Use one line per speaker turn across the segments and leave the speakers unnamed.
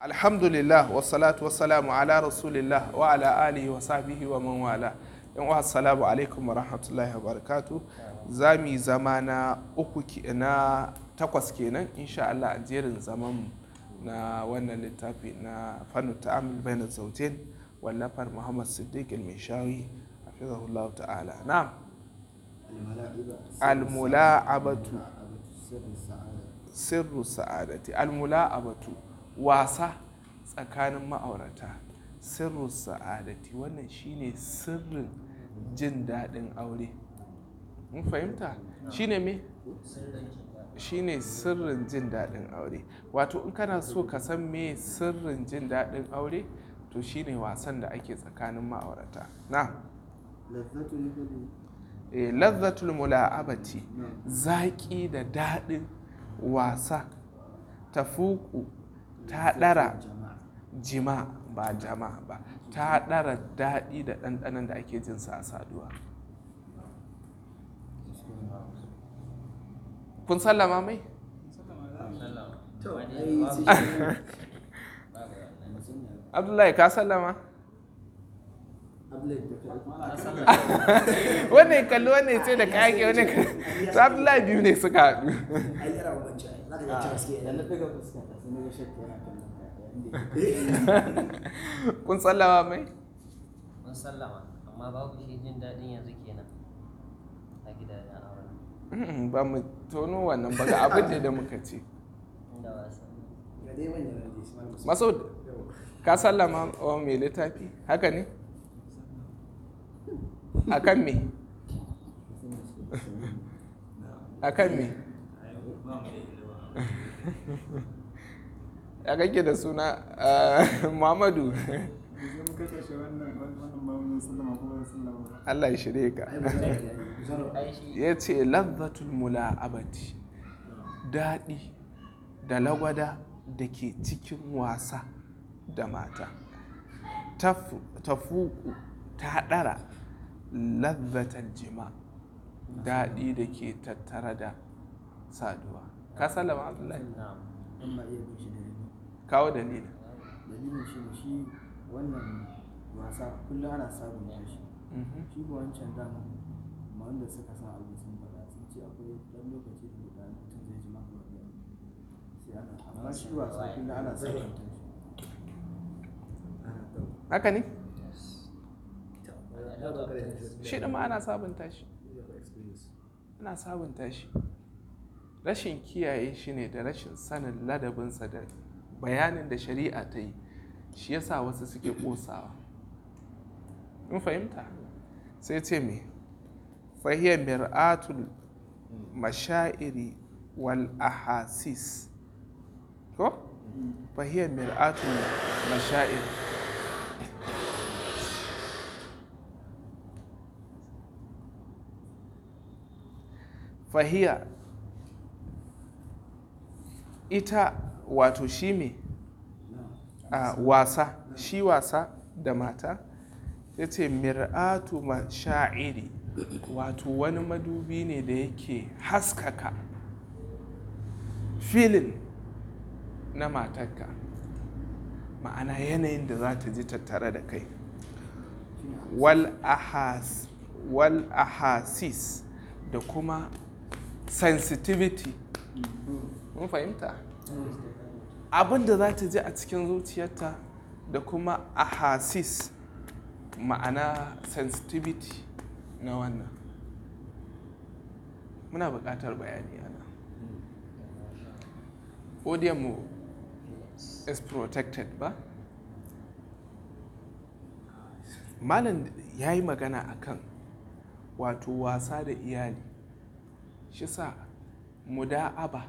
alhamdulillah wassalatu wassalamu ala rasulillah wa ala alihi wa sahbihi wa man wala yan uwa assalamu alaikum wa rahmatullahi wa barakatu za mu zama na uku na takwas kenan insha Allah a jerin zaman na wannan littafi na fannu ta'amul bainaz zawjain wallafar Muhammad Siddiq al-Mishawi hafizahullahu ta'ala na'am al-mula'abatu sirru sa'adati al-mula'abatu wasa tsakanin ma'aurata sirrin sa'adati wannan shine sirrin jin daɗin aure mun fahimta shine me shine sirrin jin daɗin aure wato in kana so ka san me sirrin jin daɗin aure to shine wasan da ake tsakanin ma'aurata na lazzatul eh, mula'abati zaƙi da daɗin wasa tafuku ta ɗara jima ba jama ba ta ɗara daɗi da ɗanɗanon da ake sa a saduwa kun sallama mai? abdullahi ka sallama? wani kalli wani ce da kayake wani abdullahi biyu ne suka haɗu kun sallama mai kun sallama amma babu shi jin daɗin yanzu kenan a gida gidajen auren ba mu tono wannan ba ga abin da muka ce maso ka sallama wa mai littafi haka ne a kan me a kan me ya kake da suna eh, muhammadu Allah ya shirye ka ya ce lazzatul mula'abati daɗi da lagwada da ke cikin wasa da mata tafuku ta ɗara lazzatar jima daɗi da ke tattara da saduwa ka sallama abdullahi amma iya bin shi da kawo dalilin dalilin shi ne shi wannan wasa kullum ana sabon da shi mhm. shi ba wancan dama ma wanda suka sa abu sun faɗa sun ce akwai ɗan lokaci da guda mutum zai ji maka wani sai ana amma shi wasa kullum ana sabon da shi haka ne
shi ɗin ma ana sabunta shi
ana sabunta shi rashin kiyaye shi ne da rashin sanin ladabinsa da bayanin da shari'a ta yi shi ya sa wasu suke ƙosawa in fahimta sai ce me fahiyya mir'atul mashairi wal ahasis ko fahiyya mir'atul mashairi fahiyya ita wato shi me ah, wasa shi wasa da mata ya ce mir'atu sha'iri wato wani madubi ne da yake haskaka filin na matarka ma'ana yanayin da za ta ji tattare da kai wal ahasis da kuma sensitivity mun fahimta abin za ta ji a cikin zuciyarta da kuma a hasis ma'ana sensitivity na wannan muna buƙatar bayani ana odiyanmu is protected ba malam ya yi magana akan wato wasa da iyali shi sa muda'aba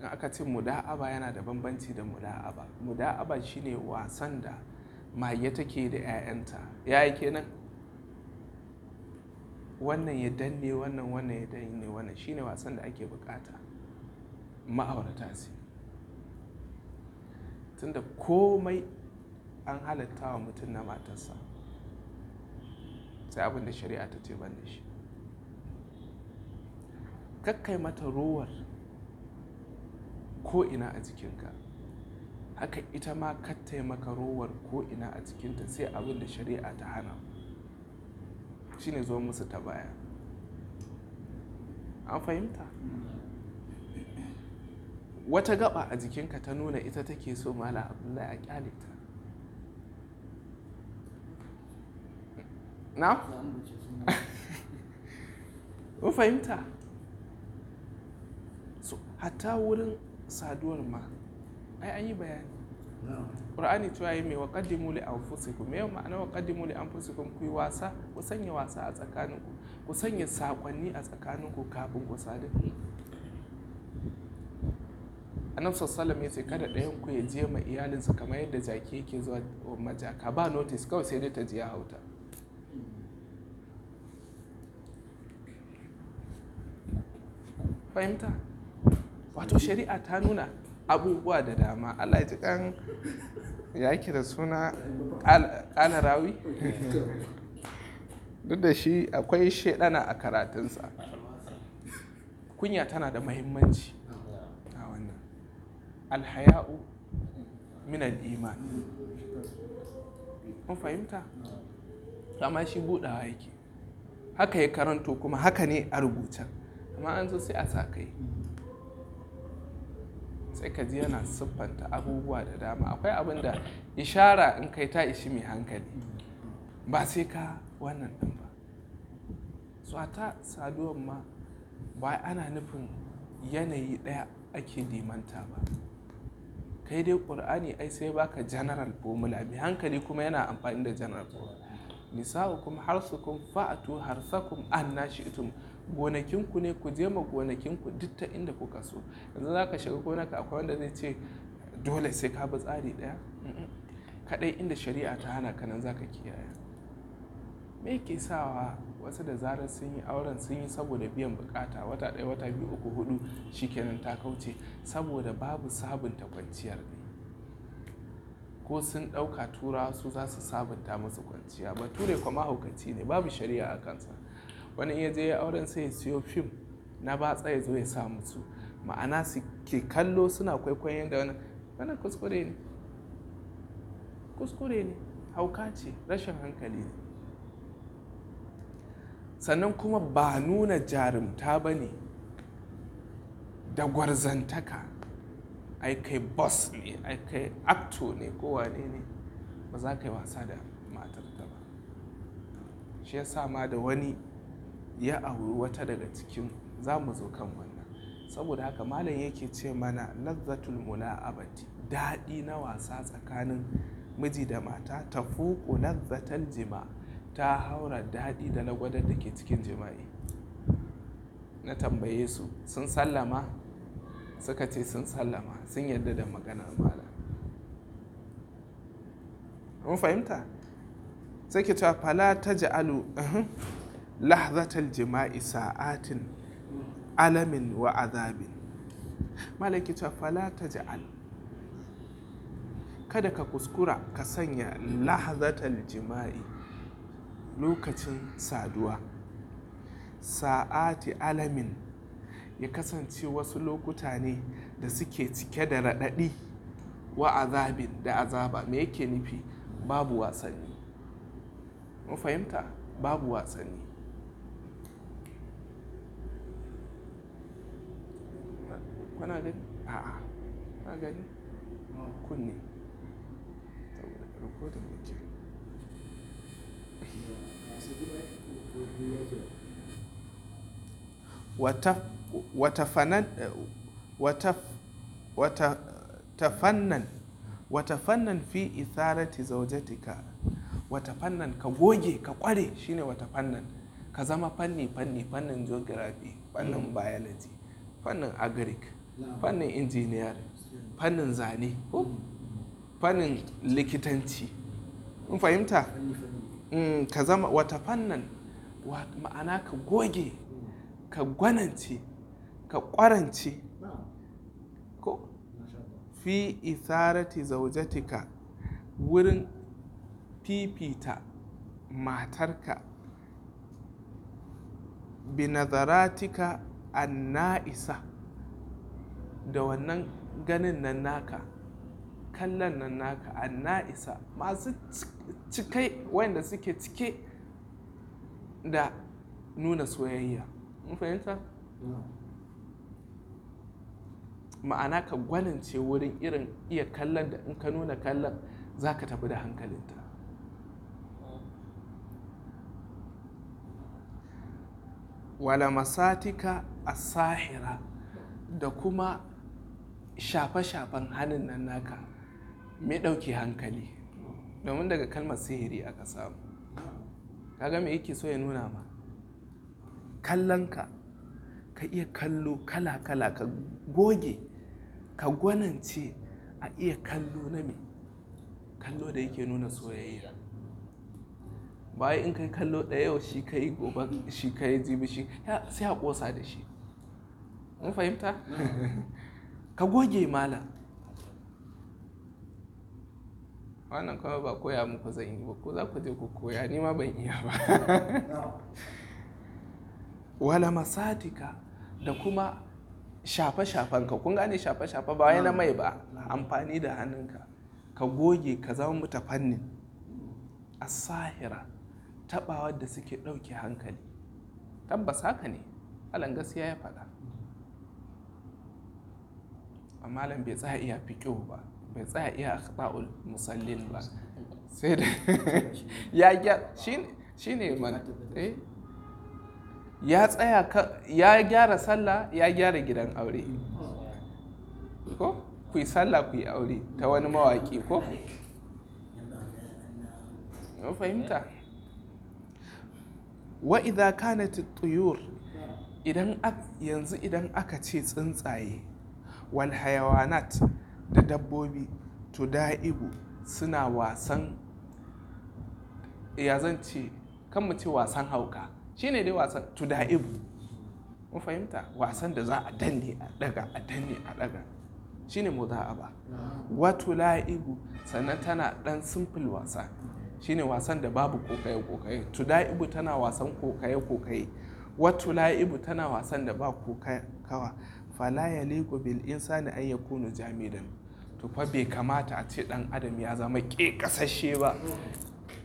in aka ce muda'aba yana da bambanci da muda'aba muda'aba shine wasan da maye take da 'ya'yanta ya yi kenan wannan ya danne wannan wannan ya danne wannan shine wasan da ake bukata ma'aurata su tunda komai an halatta wa mutum na matarsa sai abin da shari'a ta ce ban da shi kakkai mata rowar ko'ina a jikinka haka ita ma kattai maka rowar ko'ina a jikinta sai abin da shari'a ta hana shi ne zo musu ta baya an fahimta wata gaba a jikinka ta nuna ita take so mala abdullahi a kyale ta na? fahimta so hatta wurin saduwar ma ai an yi bayani ƙur'ani cewa yi mai waƙaddimu li anfusikum me ma'ana waƙaddimu li fusikun ku yi wasa ku sanya wasa a tsakaninku ku sanya sakonni a tsakaninku kafin ku sadu annabi sallallahu ya ce kada ɗayan ku ya je ma iyalinsa kamar yadda jaki yake zuwa wa majaka ba notice kawai sai dai ta ji ya hauta fahimta wato shari'a ta nuna abubuwa da dama Allah ya ji kan ya kira suna ƙala rawi duk da shi akwai shaidana a karatunsa kunya tana da mahimmanci a wannan alhaya'u minan iman mun fahimta amma shi budawa yake haka ya karanto kuma haka ne a rubuta amma an zo sai a sa kai sai ka ji yana siffanta abubuwa da dama akwai abin da ishara in kai ta ishi mai hankali ba sai ka wannan ɗin ba su a ta saduwar ma ba ana nufin yanayi ɗaya ake limanta ba kai dai ƙur'ani ai sai baka general formula mai hankali kuma yana amfani da general formula nisa'ukum harsukum fa'atu harsakum an nashi itum gonakinku ne ku je ma gonakinku duk ta inda kuka so yanzu za ka shiga gonaka akwai wanda zai ce dole sai ka bi tsari ɗaya kaɗai inda shari'a ta hana nan za ka kiyaye me ke sawa wasu da zarar sun yi auren sun yi saboda biyan bukata wata ɗaya wata biyu uku hudu shikenan ta kauce saboda babu sabunta kwanciyar ne ko sun ɗauka turawa su za su sabunta musu kwanciya ba ture kwa mahaukaci ne babu shari'a a kansa wani iya je ya auren sai ya siyo fim na batsa ya zo ya samu su ma'ana su ke kallo suna kwaikwayon da wani wani kuskure ne kuskure ne hauka ce rashin hankali ne sannan kuma ba nuna jarumta ba ne da gwarzantaka ai kai boss ne ai kai acto ne kowa ne ne ba za ka yi wasa da matar ta ba shi ya ma da wani ya auri wata daga cikin za mu zo kan wannan saboda haka malam yake ce mana lazzatul mula'abati daɗi na wasa tsakanin miji da mata ta fuku lazzatal jima ta haura daɗi da na gwadar da ke cikin jima'i na tambaye su sun sallama suka ce sun sallama sun yadda da maganar malam mun fahimta sai ke cewa fala ta ji alu. Uhm. lahzatal jima'i sa'atin alamin wa azabin malaki ta fala ta ja'al kada ka kuskura ka sanya lahzatar jima'i lokacin saduwa sa'ati alamin ya kasance wasu lokuta ne da suke cike da raɗaɗi wa azabin da azaba me yake nufi babu wasanni mu babu wasanni Bana gani? A'a, ba gani? Oh. Kunne. Saboda rikodin muke. Watafannan fi itharati zaujatika. Watafannan ka goge, ka kware shine watafannan. Ka zama fanni fanni, fannin geography, fannin biology, fannin agric. fannin injiniyar fannin zane fannin likitanci in fahimta mm, ka zama wata fannin ma'ana ka goge ka gwanance ka kwarance ko fi isarati zaujatika wurin fifita matarka binazaratika na'isa. da wannan ganin nan naka kallon nan naka anna'isa masu cikai wanda suke cike da nuna soyayya fahimta ma'ana ka gwanince wurin irin iya kallon da in ka nuna kallon za ka tafi da hankalinta wala masatika a sahira da kuma shafe-shafen hannun nan naka mai ɗauke hankali domin daga kalmar sihiri aka samu kaga me yake so ya nuna ma kallonka ka iya kallo kala-kala ka goge ka gwanance a iya kallo na me kallo da yake nuna soyayya bayan in kai kallo ɗaya yau shi kai gobe shi kai jibi shi sai a ƙosa da shi mun fahimta ka goge malam wannan kuma ba koya muku zan yi ba ko za ku je ku koya ni ma ban iya ba wala masadika da kuma shafe ka. kun gane shafe-shafe ba na mai ba amfani da hannunka ka goge ka zama fannin a sahira taɓawar da suke ɗauke hankali tabbas haka ne alan gaskiya ya faɗa malam bai tsaya iya fiƙo ba bai tsaya iya akhta'ul musallin ba sai da ya gyara shi ne mana eh? ya tsaya ya gyara sallah ya gyara gidan aure ko ku yi sallah ku yi aure ta wani mawaƙi ko fahimta wa idan kanat tuyur idan yanzu idan aka ce tsuntsaye walhayawanat da dabbobi to da'ibu suna wasan ya zan ce kan mu ce wasan hauka shine dai wasan to da'ibu mun fahimta wasan da za a danne a daga a danne a daga shine ba wato la'ibu sannan tana dan simple wasa shine wasan da babu kokaye kokaye to da'ibu tana wasan kokaye kokaye wato la'ibu tana wasan da ba kokawa fala ya liku bil insani an kunu jamidan to fa bai kamata a ce dan adam ya zama ke kasashe ba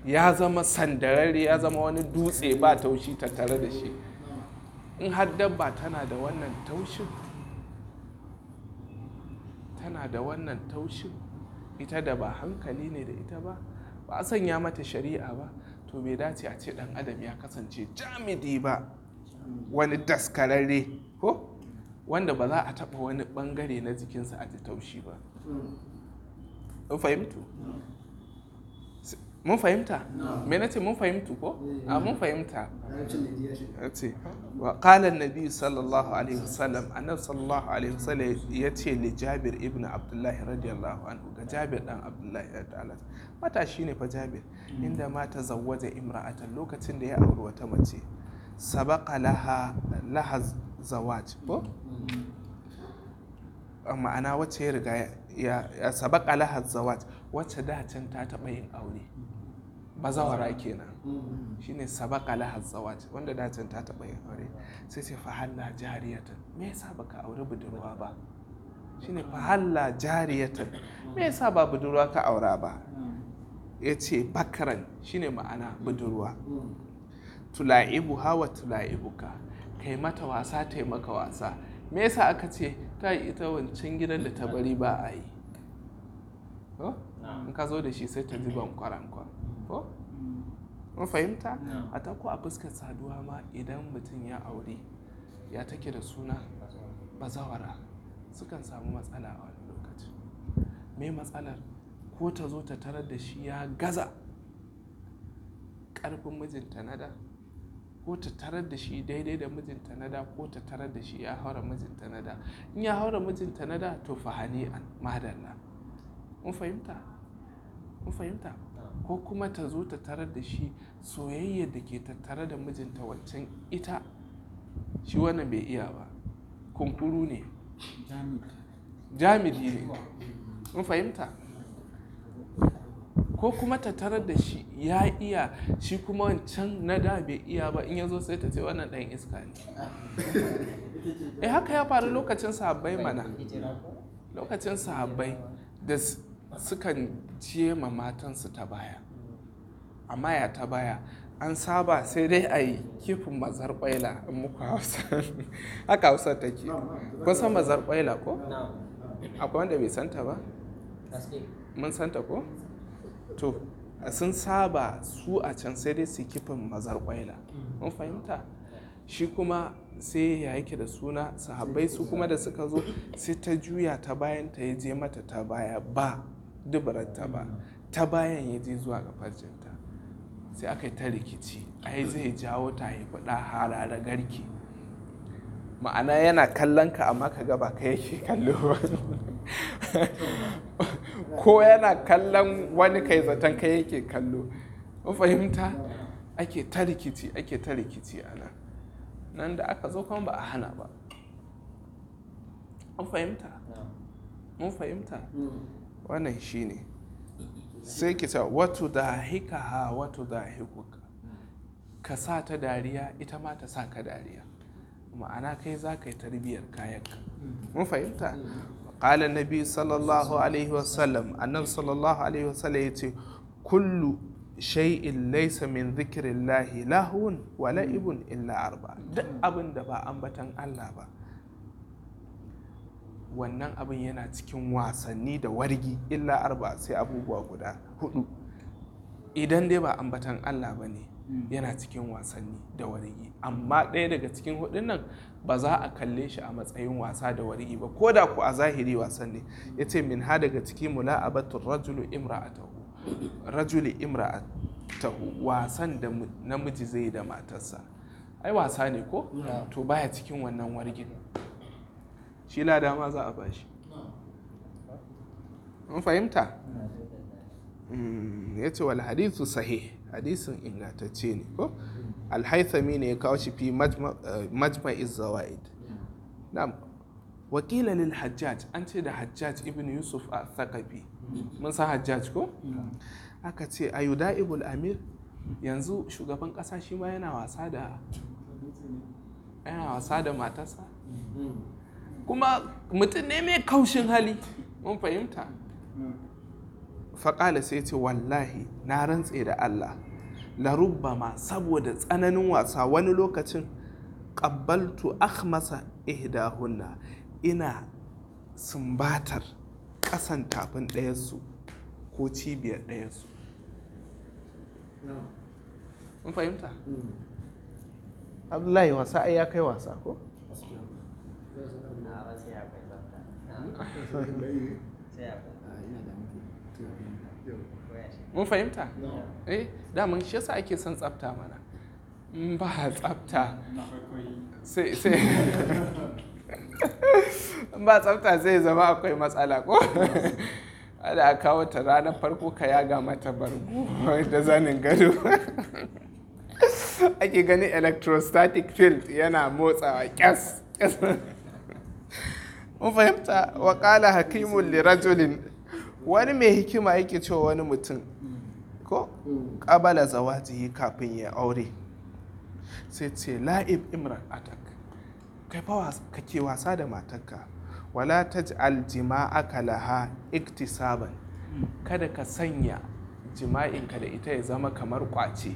ya zama sandararre ya zama wani dutse ba taushi tattare da shi in har dabba tana da wannan taushin tana da wannan taushin ita da ba hankali ne da ita ba ba a sanya mata shari'a ba to bai dace a ce dan adam ya kasance jamidi ba wani daskararre ko wanda ba za a taɓa wani ɓangare na jikinsa a ji taushi ba hmm. mun fahimtu mun fahimta hmm. me na ce mun fahimtu ko hmm. a mun fahimta ce wa qala annabi sallallahu alaihi wasallam annabi sallallahu alaihi wasallam ya ce li jabir ibn abdullahi radiyallahu anhu ga jabir dan abdullahi radiyallahu matashi ne fa jabir inda ma ta imra'atan lokacin da ya auri wata mace Sabaka laha lahaz zawaj ko ma'ana wacce ya riga ya sabaka lahar zawaj wacce dacin ta taɓa yin aure bazawara kenan shine sabaka lahar zawaj wanda dacin ta taɓa yin aure sai ce fahalla jariyata me yasa baka aure budurwa ba shine fahalla jariyata me yasa ba budurwa ka aura ba ya ce bakaran shine ma'ana budurwa tula'ibu hawa tula'ibuka Ka yi mata wasa ta maka wasa me yasa aka ce ta yi ita wancan gidan da ta bari ba a yi ko in ka zo da shi sai ta ban kwaran ko mun fahimta a ta ko a fuskar saduwa ma idan mutum ya aure ya take da suna bazawara sukan samu matsala a wani lokaci me matsalar ko ta zo ta tarar da shi ya gaza karfin mijinta na da ko ta tarar da shi daidai da mijinta na da ko ta tarar da shi ya haura mijinta na da in ya haura mijinta na da to hani an madalla mun fahimta mun fahimta ko kuma ta zo ta tarar da shi soyayyar da ke tattare da mijinta wancan ita shi wannan bai iya ba kunkuru ne jamidi ne mun fahimta ko kuma ta tarar da shi ya iya shi kuma wancan na da bai iya ba in ya zo sai ta ce wannan ɗan iska ne eh haka ya faru lokacin sahabbai mana lokacin sahabbai da sukan je ma matansu ta baya amma ya ta baya an saba sai dai a yi kifin mazar ƙwaila in muku hausa haka hausa take kun san mazar ƙwaila ko akwai wanda bai santa ba mun santa ko to sun saba su a can sai dai su kifin mazar kwaila mun fahimta shi kuma sai ya yake da suna sahabbai su kuma da suka zo sai ta juya ta bayan ta ya je mata ta baya ba ta ba ta bayan ya je zuwa ga farjinta sai aka yi ta rikici ai zai jawo ta ya faɗa da garki ma'ana yana kallon ka amma ka gaba ka yake kallo ko yana kallon wani kai zaton kai yake kallo mun fahimta ake ta rikici ake ta rikici a nan nan da aka zo kuma ba a hana ba mun fahimta mun fahimta wannan shi ne sai ki ta wato da hika ha wato da hikuka ka sa ta dariya ita ma ta sa ka dariya ma'ana kai za ka yi tarbiyyar kayanka mun fahimta قال النبي صلى الله عليه وسلم النبي صلى الله عليه وسلم يتي كل شيء ليس من ذكر الله ولا ابن إلا أربعة duk abin da ba ambatan Allah ba wannan abin yana cikin wasanni da wargi illa arba sai abubuwa guda hudu idan dai ba ambatan Allah ba yana cikin wasanni da wargi amma ɗaya daga cikin hudun nan ba za a kalle shi a matsayin wasa da wargi ba ko da ku a zahiri wasan ne ya ce min ha daga ciki batun rajulu Imra a Rajulu Imra a tahu wasan da namiji zai da matarsa ai wasa ne ko to baya cikin wannan wargin shi lada ma za a bashi mun fahimta hmm, ya ce wal hadithu sahih hadisin ingantacce ne ko alhaithami ne ya kawo shi fi eh, majma'iz zawaid na wakila lil hajjaj an ce da hajjaj ibn yusuf a thaqafi mun san hajjaj ko aka ce ibul amir yanzu shugaban kasa shi ma yana wasa da yana kuma mutum ne mai kaushin hali mun fahimta faƙala sai ce wallahi na rantse da Allah Larubba ma saboda tsananin wasa wani lokacin ƙabbaltu akhmasa ihdahunna ina sumbatar ƙasan tafin ɗayansu ko cibiyar ɗayansu mun fahimta hmm. abdullahi wasa ai ya kai wasa ko hmm? sai ya kai ah, mun fahimta eh daman shi yasa ake son tsafta mana in ba tsafta sai sai ba tsafta zai zama akwai matsala ko da a kawo ta ranar farko ka yaga mata bargo da zanin gado ake ganin electrostatic field yana motsawa kyas mun fahimta wa kala hakimun lirajulin wani mai hikima yake cewa wani mutum ko kabala zawaji kafin ya aure sai ce la'ib imran atak kai fa ke wasa da matarka wala taj'al jima'aka laha iktisaban kada ka sanya jima'inka da ita ya zama kamar kwace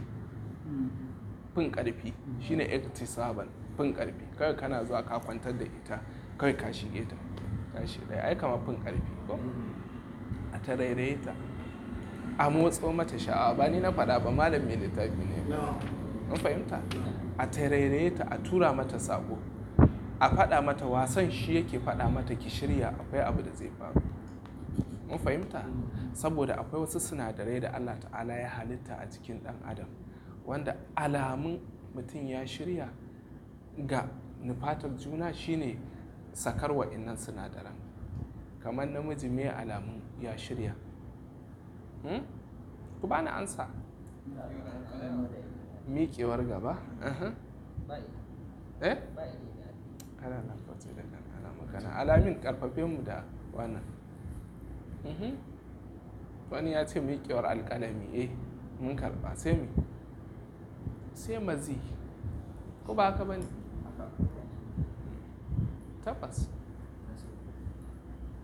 fin karfi shine iktisaban fin karfi kai kana zuwa ka kwantar da ita kai ka shige ta ka shige ai kama fin karfi ko a tarairaye a motso mata sha'awa ba ni na faɗa ba malam mai littafi ne an fahimta a ta a tura mata sako a faɗa mata wasan shi yake faɗa mata ki shirya akwai abu da zai faru mun fahimta saboda akwai wasu sinadarai da allah ta'ala ya halitta a cikin ɗan adam wanda alamun mutum ya shirya ga nufatar juna shine sakar wa'innan sinadaran kamar namiji mai alamun ya shirya hmm? ku ba na ansa miƙewar gaba eh ana na da nan ana alamin karfafe mu da wannan mhm. wani ya ce miƙewar alƙalami eh mun karɓa sai mu sai mazi ko ba haka bane tabbas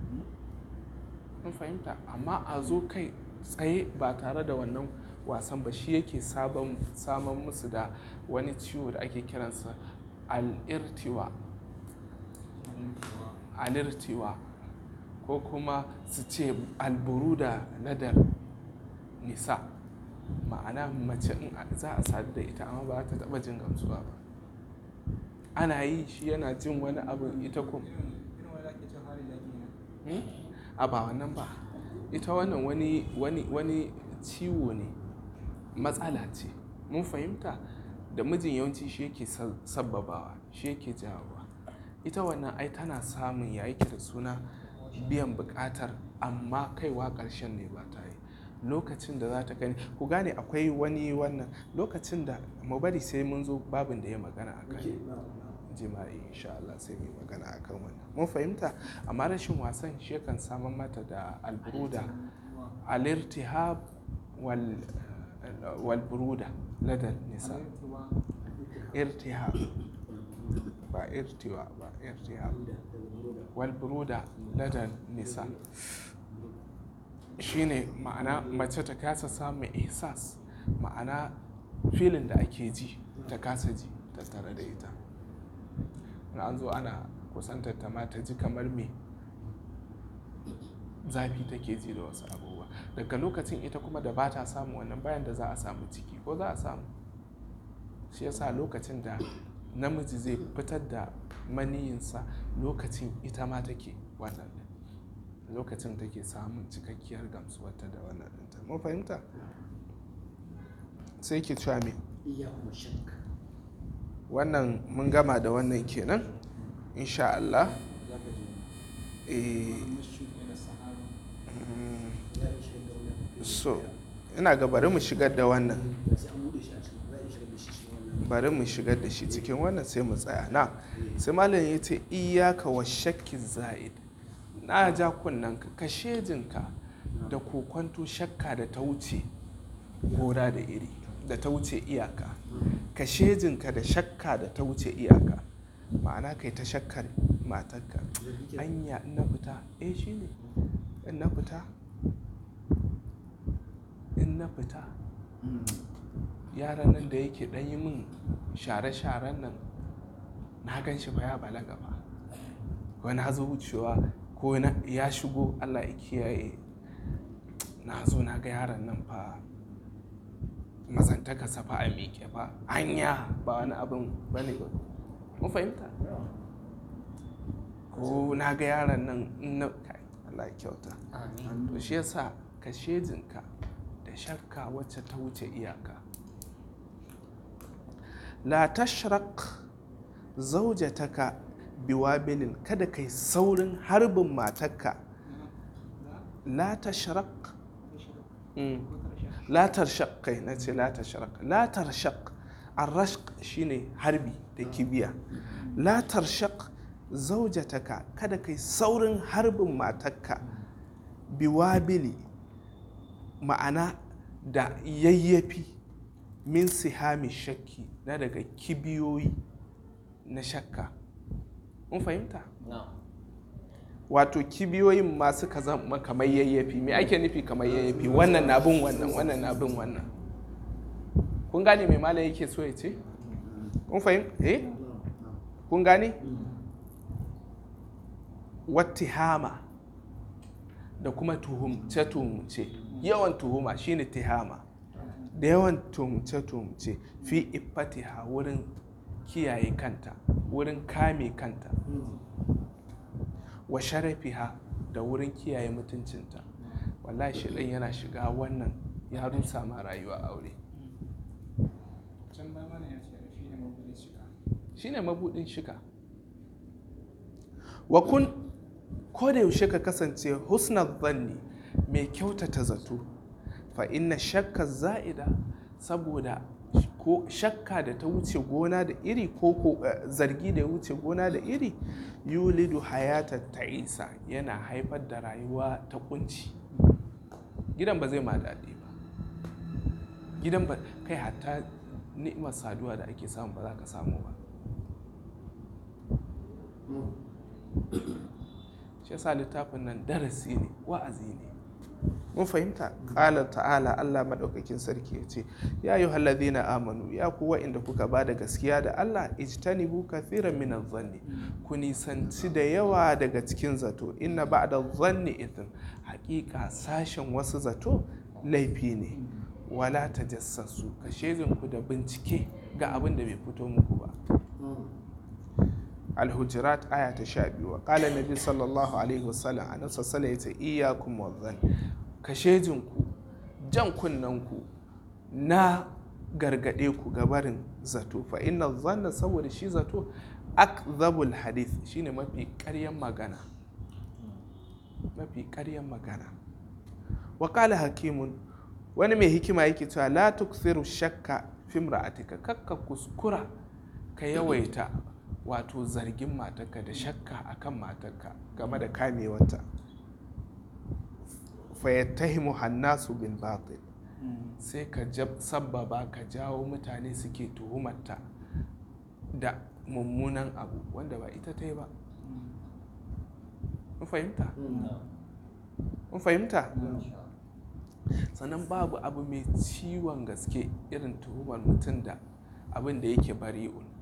hmm? kun fahimta amma a zo kai tsaye ba tare da wannan wasan ba shi yake saman musu da wani ciwo da ake kiransa al'irtiwa al'irtiwa ko kuma su ce alburu da nadar nisa ma'ana mace in za a sadu da ita amma ba ta taba jin gamsuwa ba ana yi shi yana jin wani abu ita kuma a ba wannan ba ita wannan wani wani wani ciwo ne matsala ce mun fahimta da mijin yawanci shi yake sabbabawa shi yake jawowa ita wannan ai tana samun ya yake da suna biyan buƙatar amma kaiwa ƙarshen ne ba ta yi lokacin da za ta gani ku gane akwai wani wannan lokacin da mu bari sai mun zo babin da ya magana a kai jima'i insha Allah sai mai magana akan wannan mun fahimta amma rashin wasan shi yakan samar mata da alburuda alirtihab wal والبرودة لدى النساء ارتهاب ارتواء ارتهاب والبرودة لدى nisa shine ma'ana mace ta kasa samun ihsas ma'ana filin da ake ji ta kasa ji ta tare da ita in an zo ana kusantar ta ma ta ji kamar me zafi take ji da wasu abubuwa daga lokacin ita kuma da ba ta samu wannan bayan da za a samu ciki ko za a samu shi yasa lokacin da namiji zai fitar da maniyinsa lokacin ita ma take wannan lokacin take samun cikakkiyar ta da wannan ɗinta mun fahimta sai ke cewa me iya kuma shakka wannan mun gama da wannan kenan insha Allah eh, so ina ga bari mu shigar da wannan bari mu shigar da shi cikin wannan sai mu tsaya na sai malam ya ce iyaka wa shakkin za'id na ja kunnen ka shejinka da kokwanto shakka da ta wuce gora da iri da ta wuce iyaka ka shejinka da shakka da ta wuce iyaka ma'ana kai ta shakkar matarka anya in na fita eh shine in na fita in na fita yaran nan da yake ɗan yi min share-sharen nan na gan shi fa ya balaga ba wani hazo wucewa ko ya shigo allah ya kiyaye na zo na ga yaran nan fa mazantaka safa a miƙe ba hanya ba wani abin ba ne ba mun fahimta ko na ga yaran nan na kai Allah kyauta to shi yasa ka shejinka da shakka wacce ta wuce iyaka la tashraq biwa biwabilin kada kai saurin harbin matarka la tashraq hmm. la tarshaq kai na ce la tarshaq shine harbi da kibiya la tarshaq zaujataka kada kai saurin harbin matarka biwabili ma'ana da yayyafi min sihami shakki na daga kibiyoyi na shakka mun fahimta wato kibiyoyin masu ka zama kamar yayyafi me ake nufi kamar yayyafi wannan na bin wannan wannan na bin wannan kun gane mai malam yake so ya ce kun fahim eh kun gane wattihama da kuma tuhumce tuhumce yawan tuhuma shine tihama da yawan tuhumce tuhumce fi iffatiha wurin kiyaye kanta wurin kame kanta wa sharafiha da wurin kiyaye mutuncinta wallahi shaidan yana shiga wannan ya rusa ma rayuwa aure shine mabudin shika wa kun da yaushe ka kasance husnar zanni mai kyautata zato fa inna shakka za'ida saboda ko shakka da ta wuce gona da iri ko eh, zargi da ya wuce gona da iri yulidu hayatar ta isa yana haifar da rayuwa ta kunci gidan ba zai ma daɗi ba gidan ba kai hatta ni'imar saduwa da ake samu ba za ka samu ba shi yasa littafin nan darasi ne wa'azi ne mun fahimta kala ta'ala Allah maɗaukakin sarki ya ce ya yi halladina amanu ya ku wa'inda kuka ba da gaskiya da Allah ijtanibu kathiran minan zanni ku nisanci da yawa daga cikin zato inna da zanni idan haƙiƙa sashen wasu zato laifi ne wala jassasu ka shegin ku da bincike ga abin da bai fito muku ba al-hujurat aya ta sha biyu wa ƙala nabi sallallahu alaihi wasallam a nan sassala ya ce iyakun jan na gargaɗe ku gabarin zato fa inna zanna saboda shi zato akzabul hadith shine mafi ƙaryan magana mafi ƙaryan magana wa ƙala hakimun wani mai hikima yake cewa la tuksiru shakka fi kakka kuskura ka yawaita wato zargin matarka da shakka akan matarka game da kamewarta fayattahimu hannasu bin batil sai ka sabbaba ka jawo mutane suke tuhumarta da mummunan abu wanda ba ita ta yi ba fahimta? fahimta? sannan babu abu mai ciwon gaske irin tuhumar mutum da abin da yake bari'un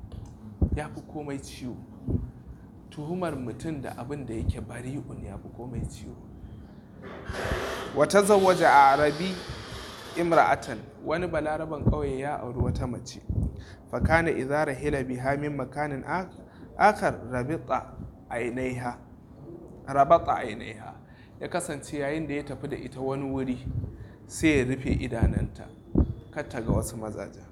ya fi komai ciwo tuhumar mutum da abin da yake bari'un ya fi komai ciwo wata zawaja a arabi imra'atan wani balaraban ƙauye ya auri wata mace fakana izara hila biha min makanin akar rabita ainiha rabata ainiha ya kasance yayin da ya tafi da ita wani wuri sai ya rufe idananta kar ta ga wasu mazajen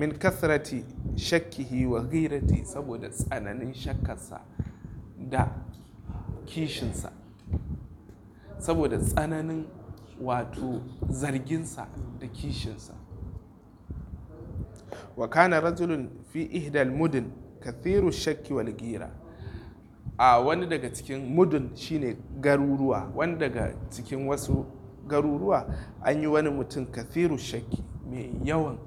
min kasrati shakkihi wa ghirati saboda tsananin shakkarsa da kishinsa saboda tsananin wato zarginsa da kishinsa wa kana rajulun fi ihdal mudin kathiru shakki wal gira a wani daga cikin mudun shine garuruwa wani daga cikin wasu garuruwa an yi wani mutum kathiru shakki mai yawan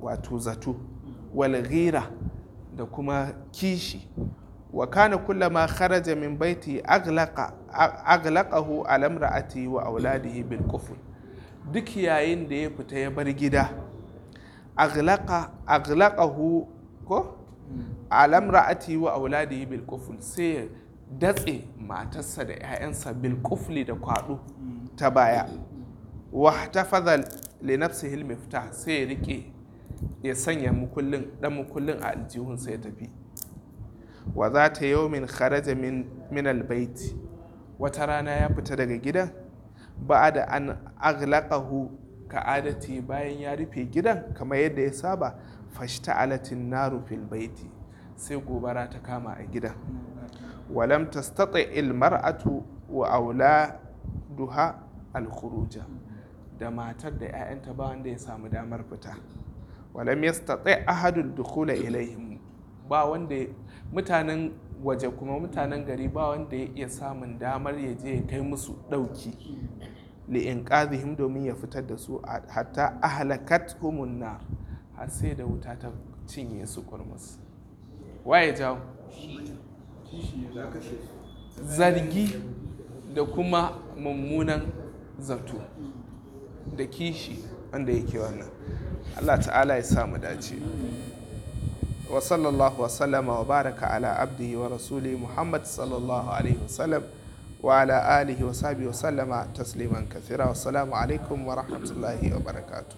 wato zato Walghira da kuma kishi wa kana kullama kharaja min baiti aglaqa aglaqahu ala imra'ati wa auladihi bil kufr duk yayin da ya fita ya bar gida aglaqa aglaqahu ko ala imra'ati wa auladihi bil kufr sai ya datse matarsa da 'ya'yansa bil kufli da kwado ta baya wa tafaza li nafsihi al miftah sai ya rike ya sanya mukullin dan mukullin a aljihunsa ya tafi wa za ta yau min kharaja min albaiti wata rana ya fita daga gidan ba da an aglaqahu ka adati bayan ya rufe gidan kamar yadda ya saba fashta alatin naru fil baiti sai gobara ta kama a gidan walam tastati il mar'atu wa auladuha al da matar da 'ya'yanta ba wanda ya samu damar fita walam yastati ahadun dukhula ilaihim ba wanda mutanen waje kuma mutanen gari ba wanda ya iya samun damar ya je ya kai musu ɗauki li'inqadhihim domin ya fitar da su hatta ahlakathumun nar har sai da wuta ta cinye su kurmus waye jawo zargi da kuma mummunan zato da kishi wanda yake wannan Allah ta'ala ya samu mu dace wa sallallahu wa sallama wa baraka ala abdihi wa rasuli muhammad sallallahu alaihi wa wasallam wa ala alihi wa sahbihi wa sallama tasliman kathira wa salamu alaikum wa rahmatullahi wa barakatuh